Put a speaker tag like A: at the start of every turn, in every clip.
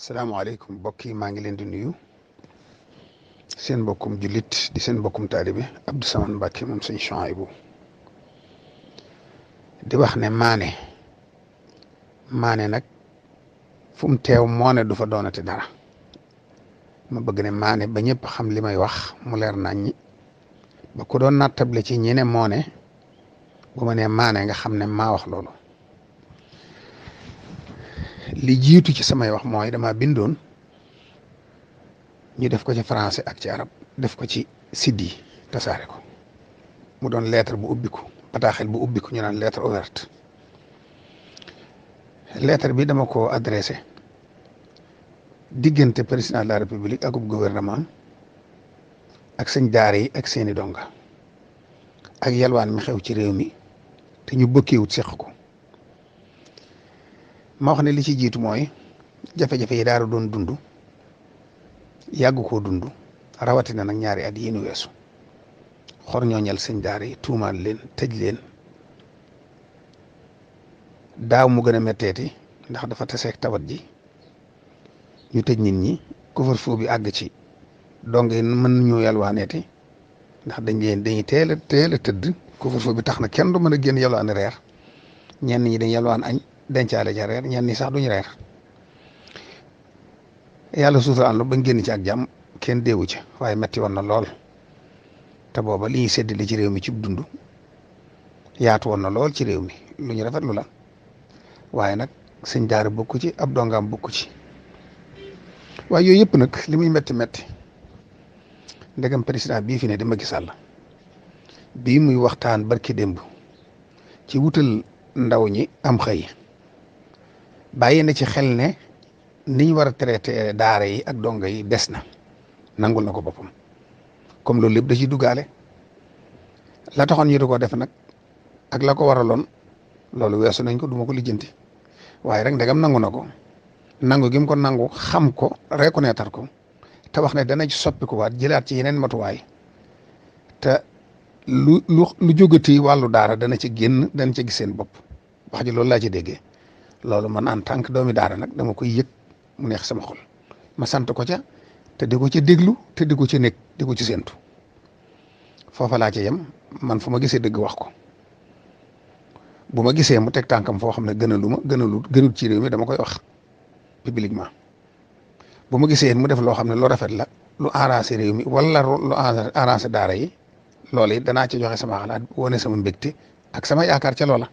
A: salaamaaleykum mbokk yi maa ngi leen di nuyu seen mbokkum julit di seen mbokkum taalibe Abdou Samane Mbacke moom sëñ Chouaïbou di wax ne maane maane nag fu mu teew moo ne du dara ma bëgg ne maane ba ñëpp xam li may wax mu leer naññi ba ku doon nattable ci ñi ne moo bu ma nee maane nga xam ne maa wax loolo li jiitu ci samay wax mooy dama bindoon ñu def ko ci français ak ci arab def ko ci siddi yi tasaare ko mu doon lettre bu ubbiku bataaxel bu ubbiku ñu naan lettre ouverte lettre bi dama ko adressé diggante président de la république akub gouvernement ak sëñ daara yi ak seeni donga ak yalwaan mi xew ci réew mi te ñu bëkkewut seq ko ma wax ne li ci jiitu mooy jafe-jafe yi daara doon dund yàgg koo dund rawatina nag ñaari at yi nu weesu xor ñooñal sëñ daara tuumaan leen tëj leen daaw mu gën a metteeti ndax dafa taseeg tawat ji ñu tëj nit ñi couvre-feu bi àgg ci donge mën ñu yalwaaneeti ndax dañ leen dañuy teel a teel a tëdd couvre-feu bi tax na kenn du mën a génn yalwaani reer ñenn ñi dañ yalwaan añ dencaale ca reer ñenn ñi sax duñ reer yàlla suuturaan ba bañ génn ci ak jàmm kenn deewu ca waaye metti woon na lool te booba li ñuy séddale ci réew mi cib dund yaatu woon na lool ci réew mi lu ñu lu la waaye nag sëñ daara bokku ci ab dongam bokku ci waaye yooyu yëpp nag li metti metti ndegam président bii fi ne di Macky Sall bii muy waxtaan barki démb ci wutal ndaw ñi am xëy bàyyi na ci xel ne niñ war a traité daara yi ak donga yi des na nangul na ko boppam comme loolu lépp da ciy duggaale la taxoon ñu di ko def nag ak la ko waraloon loolu weesu nañ ko duma ko lijjanti waaye rek ndegam nangu na ko nangu gi mu ko nangu xam ko reconnaître ko te wax ne dana ci soppiku waat jëlaat ci yeneen matuwaay te lu lu lu jógati wàllu daara dana ci génn dana ci gis seen bopp wax ji loolu laa ci déggee. loolu man en tant que doomi daara nag dama koy yëg mu neex sama xol ma sant ko ca te di ko ca déglu te di ko ca nekk di ko ci séentu foofa laa ca yem man fu ma gisee dëgg wax ko bu ma gisee mu teg tànkam foo xam ne gënalu ma gënalu gënul ci réew mi dama koy wax publiquement bu ma gisee mu def loo xam ne lu rafet la lu arrangé réew mi wala lu arrangé daara yi loolu it danaa ci joxe sama xalaat wone sama mbégte ak sama yaakaar ca loola.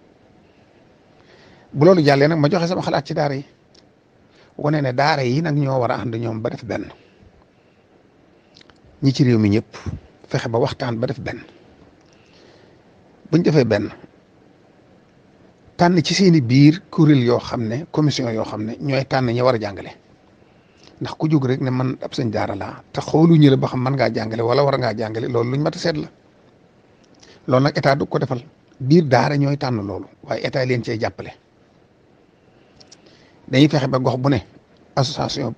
A: bu loolu jàllee nag ma joxe sama xalaat ci daara yi wane ne daara yi nag ñoo war a ànd ñoom ba def benn ñi ci réew mi ñëpp fexe ba waxtaan ba def benn buñ defee benn tànn ci seeni biir kuréel yoo xam ne commission yoo xam ne ñooy tànn ñi war a jàngale ndax ku jóg rek ne man ab sëñ daara laa te xooluñu la ba xam mën ngaa jàngale wala war ngaa jàngale loolu luñ mat a seet la loolu nag état du ko defal biir daara ñooy tànn loolu waaye état leen cee jàppale. dañuy fexe ba gox bu ne association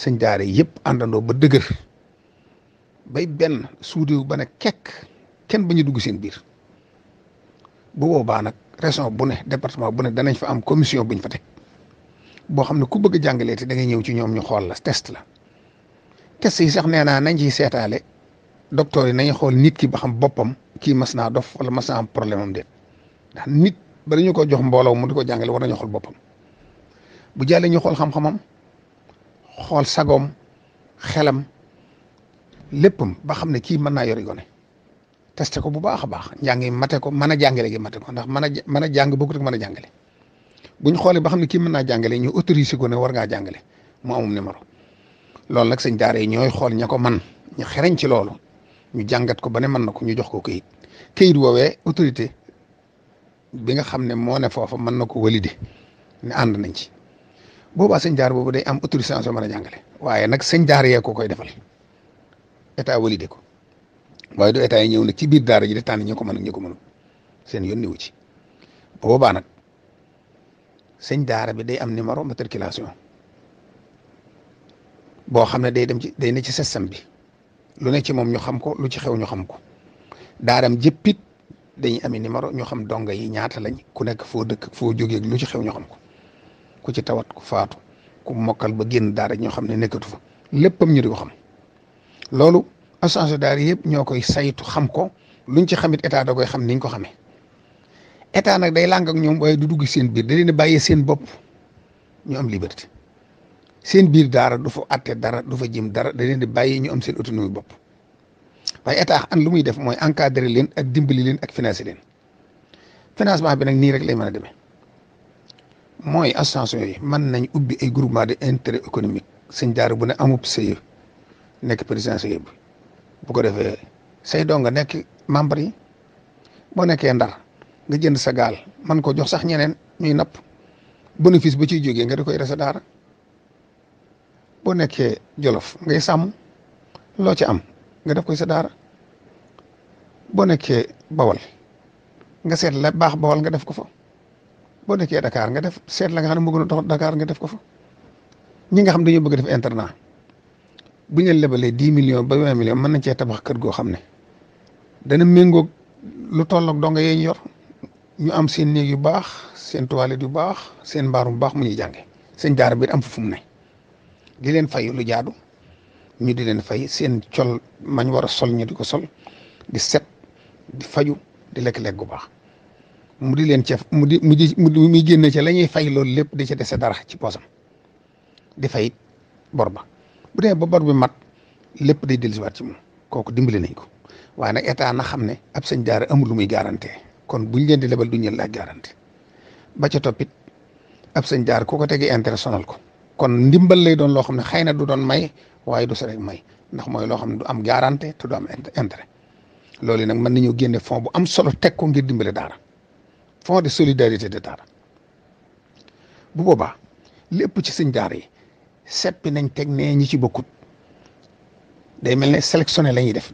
A: sëñ daara yëpp àndandoo ba dëgër bay benn suudewu ba ne kek kenn ba ñu dugg seen biir bu boobaa nag région bu ne département bu ne danañ fa am commission buñ fa teg boo xam ne ku bëgg a jàngalee te da ngay ñëw ci ñoom ñu xool la test la test yi sax nee naa nañ ciy seetaale docteur yi nañu xool nit ki ba xam boppam kii mas naa dof wala mas naa am problème am déet ndax nit ba dañu ko jox mbooloo mu di ko jàngale war nañu xool boppam. bu jàllee ñu xool xam-xamam xool sagoom xelam léppam ba xam ne kii mën naa yori gone testé ko bu baax a baax njàngi mate ko mën a jàngale gi mate ko ndax mën a mën a jàng bokkut ak mën a jàngale bu ñu xoolee ba xam ne kii mën na jàngale ñu autorisé ko ne war ngaa jàngale mu amum numéro loolu nag sëñ daara yi ñooy xool ña ko man ñu xereñ ci loolu ñu jàngat ko ba ne mën na ko ñu jox ko këyit këyit woowee autorité bi nga xam ne moo ne foofa mën na ko walide ne ànd nañ ci boobaa sëñ jaar boobu day am autorisation mën a jàngale waaye nag sëñ jaar yee ko koy defal état validé ko waaye du état yi ñëw na ci biir daara ji di tànn ñi ko mën ak ñi ko mënul seen yónni wu ci boobaa nag sëñ daara bi day am numéro matriculation boo xam ne day dem ci day ne ci système bi lu ne ci moom ñu xam ko lu ci xew ñu xam ko daaram jëppit dañuy ami numéro ñu xam donga yi ñaata lañ ku nekk foo dëkk foo jógee lu ci xew ñu xam ko ku ci tawat ku faatu ku mokkal ba génn daara ñoo xam ne nekkatu fa léppam ñu di xam loolu changé daara yëpp ñoo koy saytu xam ko lu ñu ci xamit état da koy xam niñ ko xamee état nag day làng ak ñoom waaye du dugg seen biir da leen bàyyee seen bopp ñu am seen biir daara du fa atte dara du fa jëm dara da leen di bàyyi ñu am seen autonomie bopp waaye état an lu muy def mooy encadrer leen ak dimbali leen ak financer leen financement bi nag nii rek lay mën a demee mooy association yooyu mën nañ ubbi ay groupement de intérêt économique sëñ daara bu ne amub sëy nekk président sëy bi ko defee say doo nga nekk membre yi boo nekkee ndar nga jënd sa gaal man ko jox sax ñeneen ñuy napp bénéfice ba ciy jógee nga di koy resa daara boo nekkee jolof ngay sàmm loo ci am nga def koy sa daara boo nekkee bawal nga seet la baax bawal nga def ko fa boo nekkee Dakar nga def seet la nga xam ne moo gën a dox Dakar nga ko fa ñi nga xam dañoo bëgg def internat bu ñu lebalee dix million ba vingt millions mën nañ cee tabax kër goo xam ne dana méngoog lu tolloog donga yee ñu yor ñu am seen néeg yu baax seen toilette yu baax seen mbaaru bu baax mu ñuy jànge seen jaar biir am fu mu ne di leen fay lu jaadu ñu di leen fay seen col mañ war a sol ñu di ko sol di set di faju di lekk-lekk bu baax mu di leen ca mu di mu di mu génn ca la ñuy fay loolu lépp di ce dese dara ci poosam di fay bor ba bu dee ba bor bi mat lépp day dellusiwaat ci moom kooku dimbali nañ ko waaye nag état na xam ne ab sëñ daara amul lu muy garanti kon buñ leen di lebal duñ leen laaj garanti ba ca toppit ab sëñ daara ku ko tegee intérêt sonal ko kon ndimbal lay doon loo xam ne xëy na du doon may waaye du sa rek may ndax mooy loo xam ne du am garanti te du am intérêt loolu nag mën nañoo génne fon bu am solo teg ko ngir dimbale daara. fonds de solidarité de daara bu boobaa lépp ci sëñ daara yi seppi nañ teg nee ñi ci bokkut day mel ne sélectionné la ñuy def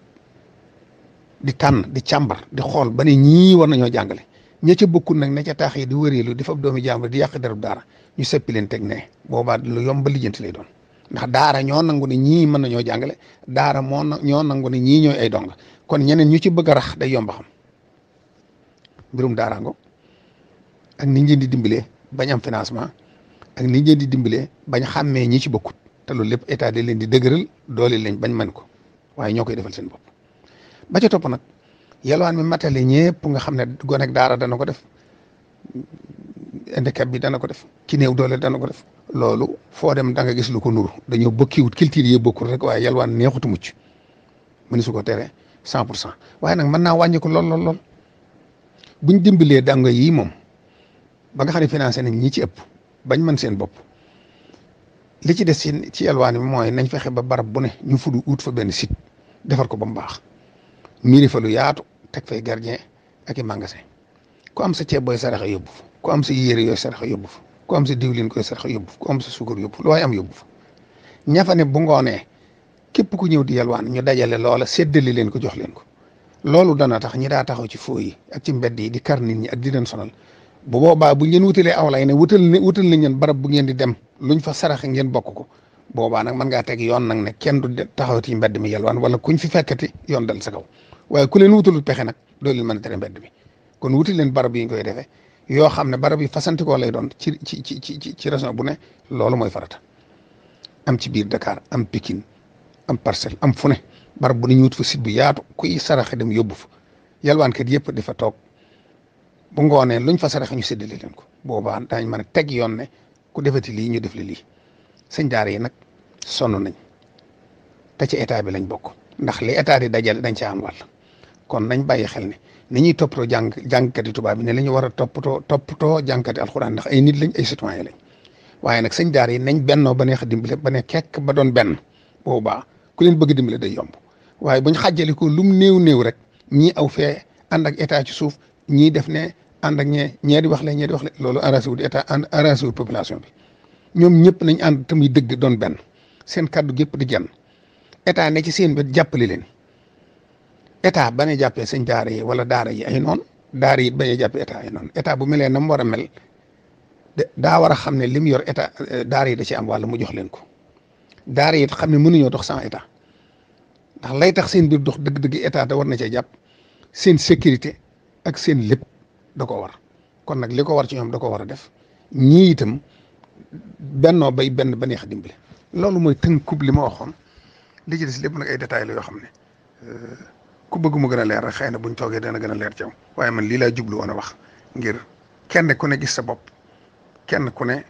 A: di tànn di càmbar di xool ba ne ñii war nañoo jàngale ñu ci bokkut nag ne ca taax yi di wëreelu di fab doomi jàmbur di yàq darab daara ñu seppi leen teg nee boobaa lu yomb lijjanti lay doon ndax daara ñoo nangu ne ñii mën nañoo jàngale daara moo ñoo nangu ne ñii ñoo ay dong kon ñeneen ñu ci bëgg a rax day yomb xam mbirum daaraango ak ni ñu leen di dimbalee bañ financement ak ni ñu di dimbalee bañ xàmmee ñi ci bokkut te loolu lépp état da leen di dëgëral doole leen bañ man ko waaye ñoo koy defal seen bopp ba ca topp nag yalwaan mi matale ñëpp nga xam ne gone ak daara dana ko def handicap bi dana ko def ki néew doole dana ko def loolu foo dem da nga gis lu ko nuru dañoo bokkiwut culture yi bokkul rek waaye yalwaan neexutu mucc mënu su ko tere cent pour cent waaye nag mën naa wàññi ko lool lool dimbalee dango yi moom ba nga xam ne financé nañ ñi ci ëpp bañ man seen bopp li ci des ci ci yalwaan bi mooy nañ fexe ba barab bu ne ñu fudu ut fa benn site defar ko ba mu baax miiri fa lu yaatu teg fay gardien ak i magasin ku am sa ceeb booy saraxa yóbbu fa ku am sa yére yooy saraxa yóbbu fa ku am sa diwlin koy saraxa yóbbu fa am sa suukar yóbbu fa looy am yóbbu fa ña bu ngoonee képp ku ñëw di yalwaan ñu dajale loola séddale leen ko jox leen ko loolu dana tax ñi daa taxaw ci foo yi ak ci mbedd yi di kar ñi ak di leen sonal bu boobaa bu ngeen wutalee aw lay ne wutal ne wutal na ngeen barab bu ngeen di dem luñ fa sarax ngeen bokk ko boobaa nag mën ngaa teg yoon nag ne kenn du taxaw ci mbedd mi yelwaan wala kuñ fi fekkati yoon dal sa kaw waaye ku leen wutalul pexe nag doo leen mën a tere mbedd kon wutal leen barab yi ñu koy defee yoo xam ne barab yi fasantikoo lay doon ci ci ci ci ci région bu ne loolu mooy farata am ci biir Dakar am Pikine am Parcelles am fu ne barab bu ne ñu wut fa site bu yaatu kuy saraxe dem yóbbu fa yelwaankat yëpp di toog bu ngoonee luñ fa sarax ñu séddale leen ko boobaa daañ mën a teg yoon ne ku defati lii ñu def la lii sëñ daara yi nag sonn nañ te ci état bi lañ bokk ndax li état di dajale dañ ca am wàll kon nañ bàyyi xel ne ni ñuy toppatoo jàng jàngkati tubaab bi ne lañu ñu war a toppatoo toppatoo jàngkati alxuraan ndax ay nit lañ ay citoyen lañ waaye nag sëñ daara yi nañ bennoo ba neex dimb dimbale ba ne kekk ba doon benn boobaa ku leen bëgg dimbale day yomb waaye buñ xàjjale ko lum néew néew rek ñii aw fee ànd ak état ci suuf ñii def ne ànd ak ñee ñee wax le ñee wax le loolu arrangé wul état ànd arrangé wul population bi ñoom ñëpp nañ ànd te muy dëgg doon benn seen kàddu gépp di jenn état ne ci seen wet jàppale leen état ba ne jàppee seen daara yi wala daara yi ay noonu yi bañ a ay noonu état bu melee na mu war a mel daa war a xam ne li yor état euh, daara yi da ci am wàll mu jox leen ko daara yi xam ne mënuñoo dox sans état ndax lay tax seen biir dox dëgg-dëgg état da war na cee jàpp seen sécurité ak seen lépp. da koo war kon nag li ko war ci ñoom da ko war a def ñii itam bennoo bay benn ba neex dimbale loolu mooy tënkub li ma waxoon li ci des lépp nag ay détails la yoo xam ne euh, ku bëgg mu gën a leer rek xëy na buñ toogee dana gën a leer ci yow waaye man lii laa jublu woon wax ngir kenn ku ne gis sa bopp kenn ku ne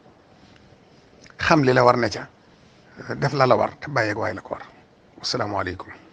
A: xam li la war ne ca def la la war te bàyyeeg waaye la ko war asalaamaaleykum